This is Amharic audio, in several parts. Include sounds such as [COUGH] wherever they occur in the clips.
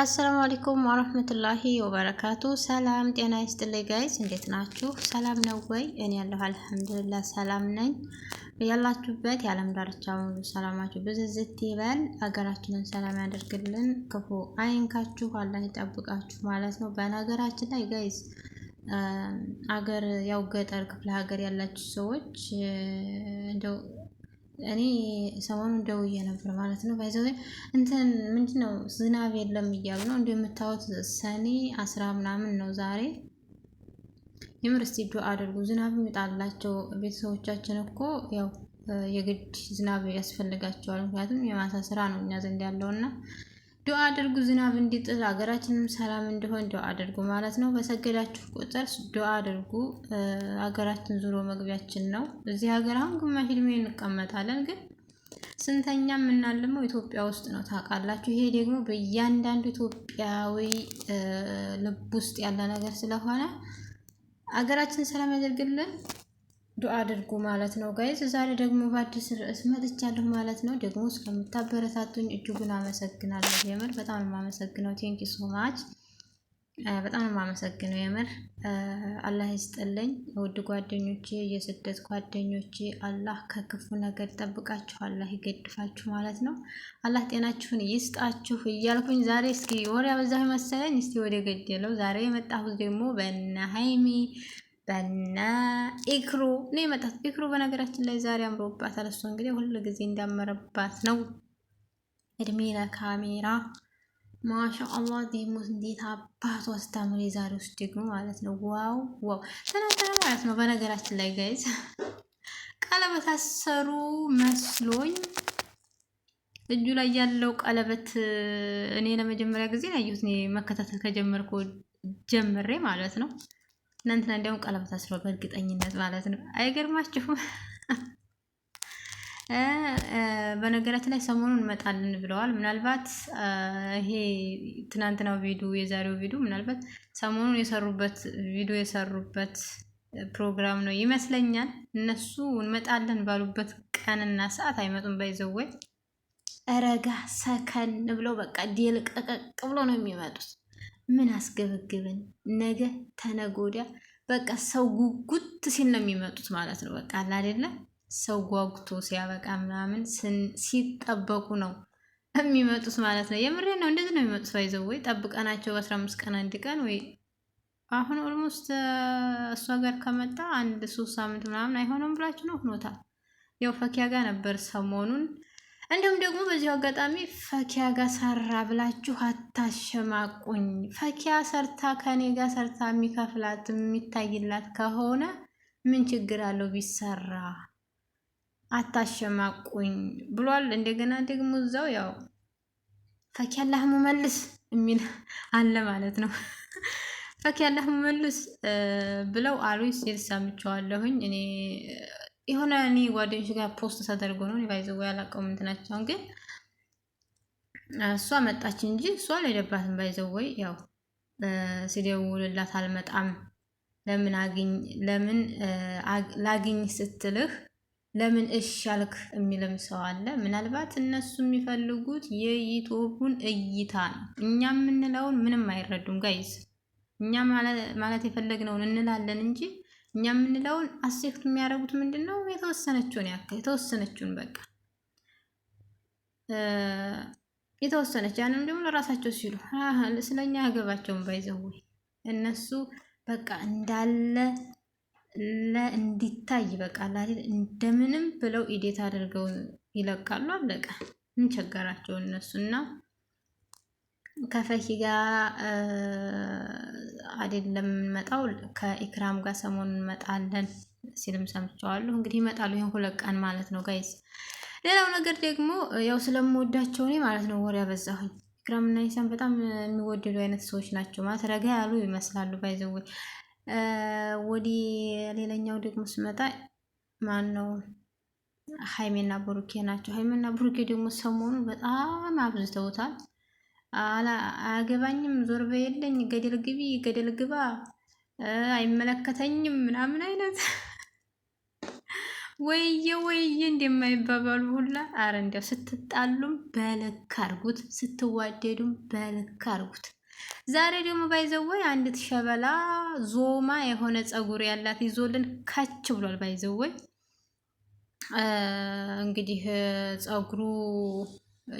አሰላሙ አለይኩም ወራህመቱላሂ ወበረካቱ። ሰላም ጤና ይስጥልኝ ጋይዝ፣ እንዴት ናችሁ? ሰላም ነው ወይ? እኔ ያለሁ አልሐምዱሊላህ ሰላም ነኝ። ያላችሁበት የዓለም ዳርቻ ሙሉ ሰላማችሁ ብዝዝት ይበል። ሀገራችንን ሰላም ያደርግልን፣ ክፉ አይንካችሁ፣ አላህ ይጠብቃችሁ ማለት ነው። በነገራችን ላይ ጋይዝ አገር ያው ገጠር ክፍለ ሀገር ያላችሁ ሰዎች እንደው እኔ ሰሞኑን ደውዬ ነበር ማለት ነው። ባይዘ እንትን ምንድን ነው ዝናብ የለም እያሉ ነው እንደምታዩት። ሰኔ አስራ ምናምን ነው ዛሬ። የምር ዱ አድርጉ ዝናብ ይምጣላቸው። ቤተሰቦቻችን እኮ ያው የግድ ዝናብ ያስፈልጋቸዋል። ምክንያቱም የማሳ ስራ ነው እኛ ዘንድ ያለውና ዶአ አድርጉ ዝናብ እንዲጥል ሀገራችንም ሰላም እንዲሆን ዱዓ አድርጉ ማለት ነው። በሰገዳችሁ ቁጥር ዱዓ አድርጉ። ሀገራችን ዙሮ መግቢያችን ነው። እዚህ ሀገር አሁን ግማሽ ዕድሜ እንቀመጣለን፣ ግን ስንተኛ የምናልመው ኢትዮጵያ ውስጥ ነው ታውቃላችሁ። ይሄ ደግሞ በእያንዳንዱ ኢትዮጵያዊ ልብ ውስጥ ያለ ነገር ስለሆነ ሀገራችን ሰላም ያደርግልን። ዱአ አድርጉ ማለት ነው ጋይዝ። ዛሬ ደግሞ በአዲስ ርዕስ መጥቻለሁ ማለት ነው። ደግሞ እስከምታበረታቱኝ እጅጉን አመሰግናለሁ። የምር በጣም የማመሰግነው ቴንኪ ሶ ማች በጣም የማመሰግነው የምር አላህ ይስጥልኝ ውድ ጓደኞቼ፣ የስደት ጓደኞቼ አላህ ከክፉ ነገር ጠብቃችሁ አላህ ይገድፋችሁ ማለት ነው። አላህ ጤናችሁን ይስጣችሁ እያልኩኝ ዛሬ እስኪ ወሬ አበዛሁ መሰለኝ። እስቲ ወደ ገደለው ዛሬ የመጣሁት ደግሞ በእነ ሀይሚ በነ ኢክሩ ነው የመጣት። ኢክሩ በነገራችን ላይ ዛሬ አምሮባታል። እሷ እንግዲህ ሁሉ ጊዜ እንዳመረባት ነው። እድሜ ለካሜራ ማሻ አላህ እንዴት አባቱ አስታምር የዛሬ ውስጥ ደግሞ ማለት ነው። ዋው ዋው ተናንተና ማለት ነው። በነገራችን ላይ ጋይዝ ቀለበት አሰሩ መስሎኝ እጁ ላይ ያለው ቀለበት እኔ ለመጀመሪያ ጊዜ ያየሁት መከታተል ከጀመርኩ ጀምሬ ማለት ነው። ትናንትና እንዲያውም ቀለበት አስሮ በእርግጠኝነት ማለት ነው። አይገርማችሁም? በነገራችን ላይ ሰሞኑን እንመጣለን ብለዋል። ምናልባት ይሄ ትናንትናው ቪዲዮ የዛሬው ቪዲዮ ምናልባት ሰሞኑን የሰሩበት ቪዲዮ የሰሩበት ፕሮግራም ነው ይመስለኛል። እነሱ እንመጣለን ባሉበት ቀንና ሰዓት አይመጡም። ባይዘወይ ረጋ ሰከን ብለው በቃ ዲልቀቀቅ ብሎ ነው የሚመጡት። ምን አስገበግብን? ነገ ተነጎዳ በቃ ሰው ጉጉት ሲል ነው የሚመጡት ማለት ነው። በቃ አለ አይደለ? ሰው ጓጉቶ ሲያበቃ ምናምን ሲጠበቁ ነው የሚመጡት ማለት ነው። የምሬ ነው። እንደዚህ ነው የሚመጡት። ባይዘው ወይ ጠብቀናቸው በአስራ አምስት ቀን አንድ ቀን ወይ አሁን ኦልሞስት እሷ ጋር ከመጣ አንድ ሶስት ሳምንት ምናምን አይሆንም ብላችሁ ነው ሆኖታል። ያው ፈኪያ ጋር ነበር ሰሞኑን እንዲሁም ደግሞ በዚሁ አጋጣሚ ፈኪያ ጋር ሰራ ብላችሁ አታሸማቁኝ። ፈኪያ ሰርታ ከኔ ጋር ሰርታ የሚከፍላት የሚታይላት ከሆነ ምን ችግር አለው ቢሰራ? አታሸማቁኝ ብሏል። እንደገና ደግሞ እዛው ያው ፈኪያ ላህሙ መልስ የሚል አለ ማለት ነው። ፈኪያ ላህሙ መልስ ብለው አሉ ሲል ሰምቸዋለሁኝ እኔ የሆነ እኔ ጓደኞች ጋር ፖስት ተደርጎ ነው ባይዘው ያላቀውም እንትናቸውን ግን እሷ መጣች እንጂ እሷ አልሄደባትም። ባይዘው ወይ ያው ሲደውልላት አልመጣም ለምን አግኝ ለምን ላግኝ ስትልህ ለምን እሽ አልክ የሚልም ሰው አለ። ምናልባት እነሱ የሚፈልጉት የዩቱቡን እይታ ነው። እኛ የምንለውን ምንም አይረዱም ጋይዝ። እኛ ማለት የፈለግነውን እንላለን እንጂ እኛ የምንለውን አሴክት የሚያደርጉት ምንድን ነው? የተወሰነችውን ያክል የተወሰነችውን በቃ የተወሰነች ያንም ደግሞ ለራሳቸው ሲሉ ስለኛ ያገባቸውን ባይዘው እነሱ በቃ እንዳለ እንዲታይ በቃ እንደምንም ብለው ኢዴት አድርገው ይለቃሉ። አለቀ። እንቸገራቸው እነሱ እና ከፈኪ ጋር አይደለም የምንመጣው ከኢክራም ጋር ሰሞኑን እንመጣለን ሲልም ሰምቸዋለሁ። እንግዲህ ይመጣሉ፣ ይህን ሁለት ቀን ማለት ነው ጋይዝ። ሌላው ነገር ደግሞ ያው ስለምወዳቸው እኔ ማለት ነው ወሬ አበዛሁኝ። ኢክራምና ኢሳም በጣም የሚወደዱ አይነት ሰዎች ናቸው ማለት ረጋ ያሉ ይመስላሉ። ባይዘወ ወዲ ሌላኛው ደግሞ ስመጣ ማን ነው ሀይሜና ብሩኬ ናቸው። ሀይሜና ብሩኬ ደግሞ ሰሞኑን በጣም አብዝተውታል። አያገባኝም፣ ዞር በየለኝ፣ ገደል ግቢ፣ ገደል ግባ፣ አይመለከተኝም ምናምን አይነት ወይዬ ወይዬ እንደማይባባሉ ሁላ። አረ እንዲያው ስትጣሉም በልክ አርጉት፣ ስትዋደዱም በልክ አርጉት። ዛሬ ደግሞ ባይዘወይ አንዲት ሸበላ ዞማ የሆነ ፀጉር ያላት ይዞልን ከች ብሏል። ባይዘወይ እንግዲህ ፀጉሩ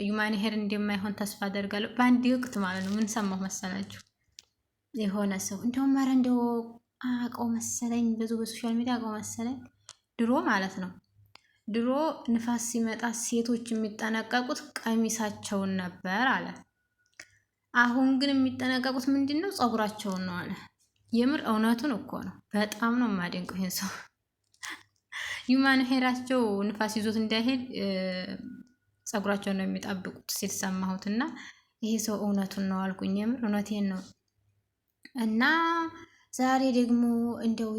ዩማንሄር እንደማይሆን ተስፋ አደርጋለሁ። በአንድ ወቅት ማለት ነው ምን ሰማሁ መሰላችሁ? የሆነ ሰው እንደውም ኧረ እንደው አውቀው መሰለኝ ብዙ በሶሻል ሚዲያ አውቀው መሰለኝ ድሮ ማለት ነው ድሮ ንፋስ ሲመጣ ሴቶች የሚጠነቀቁት ቀሚሳቸውን ነበር አለ። አሁን ግን የሚጠነቀቁት ምንድን ነው? ፀጉራቸውን ነው አለ። የምር እውነቱን እኮ ነው። በጣም ነው የማደንቀው ይህን ሰው። ዩማን [LAUGHS] ሄራቸው ንፋስ ይዞት እንዳይሄድ ጸጉራቸውን ነው የሚጣብቁት ሲል ሰማሁት እና ይሄ ሰው እውነቱን ነው አልኩኝ። የምር እውነቴን ነው እና ዛሬ ደግሞ እንደው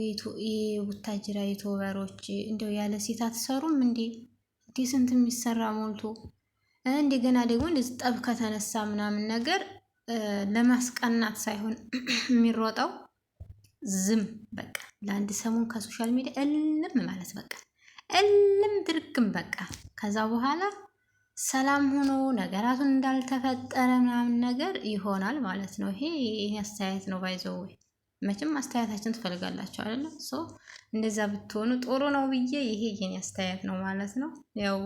የቡታጅራ የቶበሮች እንደው ያለ ሴት አትሰሩም እንዴ? እንዲ ስንት የሚሰራ ሞልቶ እንደገና ደግሞ እንደዚህ ጠብ ከተነሳ ምናምን ነገር ለማስቀናት ሳይሆን [CLEARS THROAT] የሚሮጠው ዝም በቃ ለአንድ ሰሞን ከሶሻል ሚዲያ እልም ማለት በቃ እልም ድርግም በቃ ከዛ በኋላ ሰላም ሆኖ ነገራቱን እንዳልተፈጠረ ምናምን ነገር ይሆናል ማለት ነው። ይሄ ይሄ አስተያየት ነው። ባይዘው መቼም አስተያየታችን ትፈልጋላችሁ አይደለ? ሶ እንደዛ ብትሆኑ ጥሩ ነው ብዬ ይሄ የኔ አስተያየት ነው ማለት ነው። ያው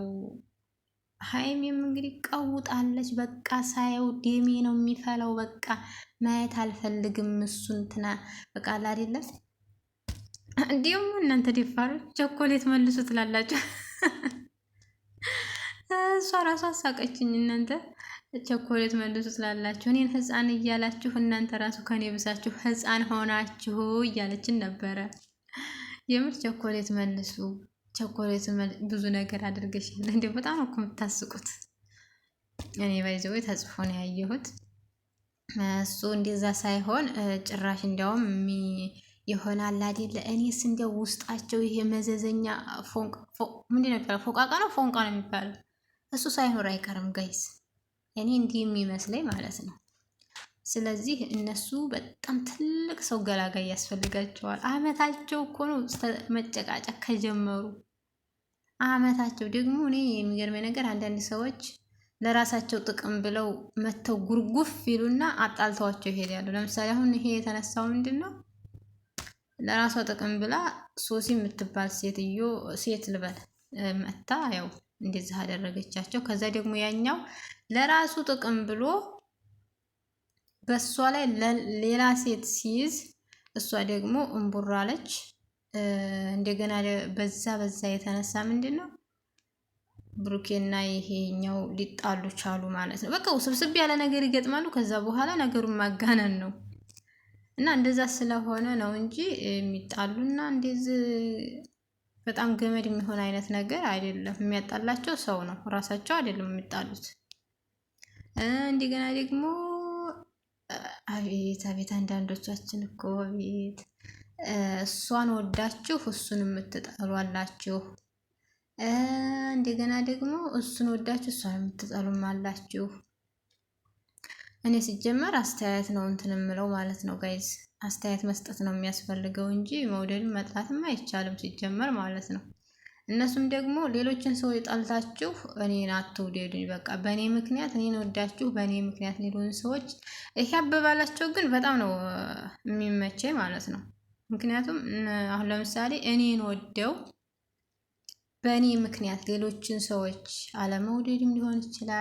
ሀይሚም እንግዲህ ቀውጣለች። በቃ ሳየው ደሜ ነው የሚፈለው። በቃ ማየት አልፈልግም እሱን እንትና በቃ አይደለም። እንዲሁም እናንተ ደፋሮች ቸኮሌት መልሱ ትላላችሁ። እሷ ራሷ አሳቀችኝ። እናንተ ቸኮሌት መልሱ ስላላችሁ እኔን ህፃን እያላችሁ እናንተ ራሱ ከኔ ብሳችሁ ህፃን ሆናችሁ እያለችን ነበረ። የምር ቸኮሌት መልሱ፣ ቸኮሌት ብዙ ነገር አድርገሽ እንዲ በጣም እኮ የምታስቁት። እኔ ባይዘው ተጽፎ ነው ያየሁት። እሱ እንደዛ ሳይሆን ጭራሽ እንዲያውም ይሆናል አይደለ? እኔስ እንዲያው ውስጣቸው ይሄ መዘዘኛ ፎንቃ ምንድን ነው የሚባለው? ፎቃቃ ነው ፎንቃ ነው የሚባለው እሱ ሳይኖር አይቀርም ጋይስ፣ እኔ እንዲህ የሚመስለኝ ማለት ነው። ስለዚህ እነሱ በጣም ትልቅ ሰው ገላጋይ ያስፈልጋቸዋል። አመታቸው እኮ ነው መጨቃጨቅ ከጀመሩ አመታቸው። ደግሞ እኔ የሚገርመኝ ነገር አንዳንድ ሰዎች ለራሳቸው ጥቅም ብለው መተው ጉርጉፍ ይሉና አጣልተዋቸው ይሄዳሉ። ለምሳሌ አሁን ይሄ የተነሳው ምንድን ነው? ለራሷ ጥቅም ብላ ሶሲ የምትባል ሴትዮ ሴት ልበል መታ ያው እንደዚህ አደረገቻቸው። ከዛ ደግሞ ያኛው ለራሱ ጥቅም ብሎ በእሷ ላይ ሌላ ሴት ሲይዝ እሷ ደግሞ እምቡራለች። እንደገና በዛ በዛ የተነሳ ምንድን ነው ብሩኬና ይሄኛው ሊጣሉ ቻሉ ማለት ነው። በቃ ውስብስብ ያለ ነገር ይገጥማሉ። ከዛ በኋላ ነገሩን ማጋነን ነው እና እንደዛ ስለሆነ ነው እንጂ የሚጣሉና እንደዚህ በጣም ገመድ የሚሆን አይነት ነገር አይደለም። የሚያጣላቸው ሰው ነው፣ ራሳቸው አይደለም የሚጣሉት። እንደገና ደግሞ አቤት አቤት አንዳንዶቻችን እኮ አቤት እሷን ወዳችሁ እሱን የምትጠሉ አላችሁ። እንደገና ደግሞ እሱን ወዳችሁ እሷን የምትጠሉም አላችሁ። እኔ ሲጀመር አስተያየት ነው እንትን የምለው ማለት ነው ጋይዝ። አስተያየት መስጠት ነው የሚያስፈልገው እንጂ መውደድም መጥላትም አይቻልም ሲጀመር ማለት ነው። እነሱም ደግሞ ሌሎችን ሰው የጣልታችሁ እኔን አትውደዱኝ፣ በቃ በእኔ ምክንያት እኔን ወዳችሁ በእኔ ምክንያት ሌሎን ሰዎች ይሄ አበባላቸው ግን በጣም ነው የሚመቸኝ ማለት ነው። ምክንያቱም አሁን ለምሳሌ እኔን ወደው በእኔ ምክንያት ሌሎችን ሰዎች አለመውደድም ሊሆን ይችላል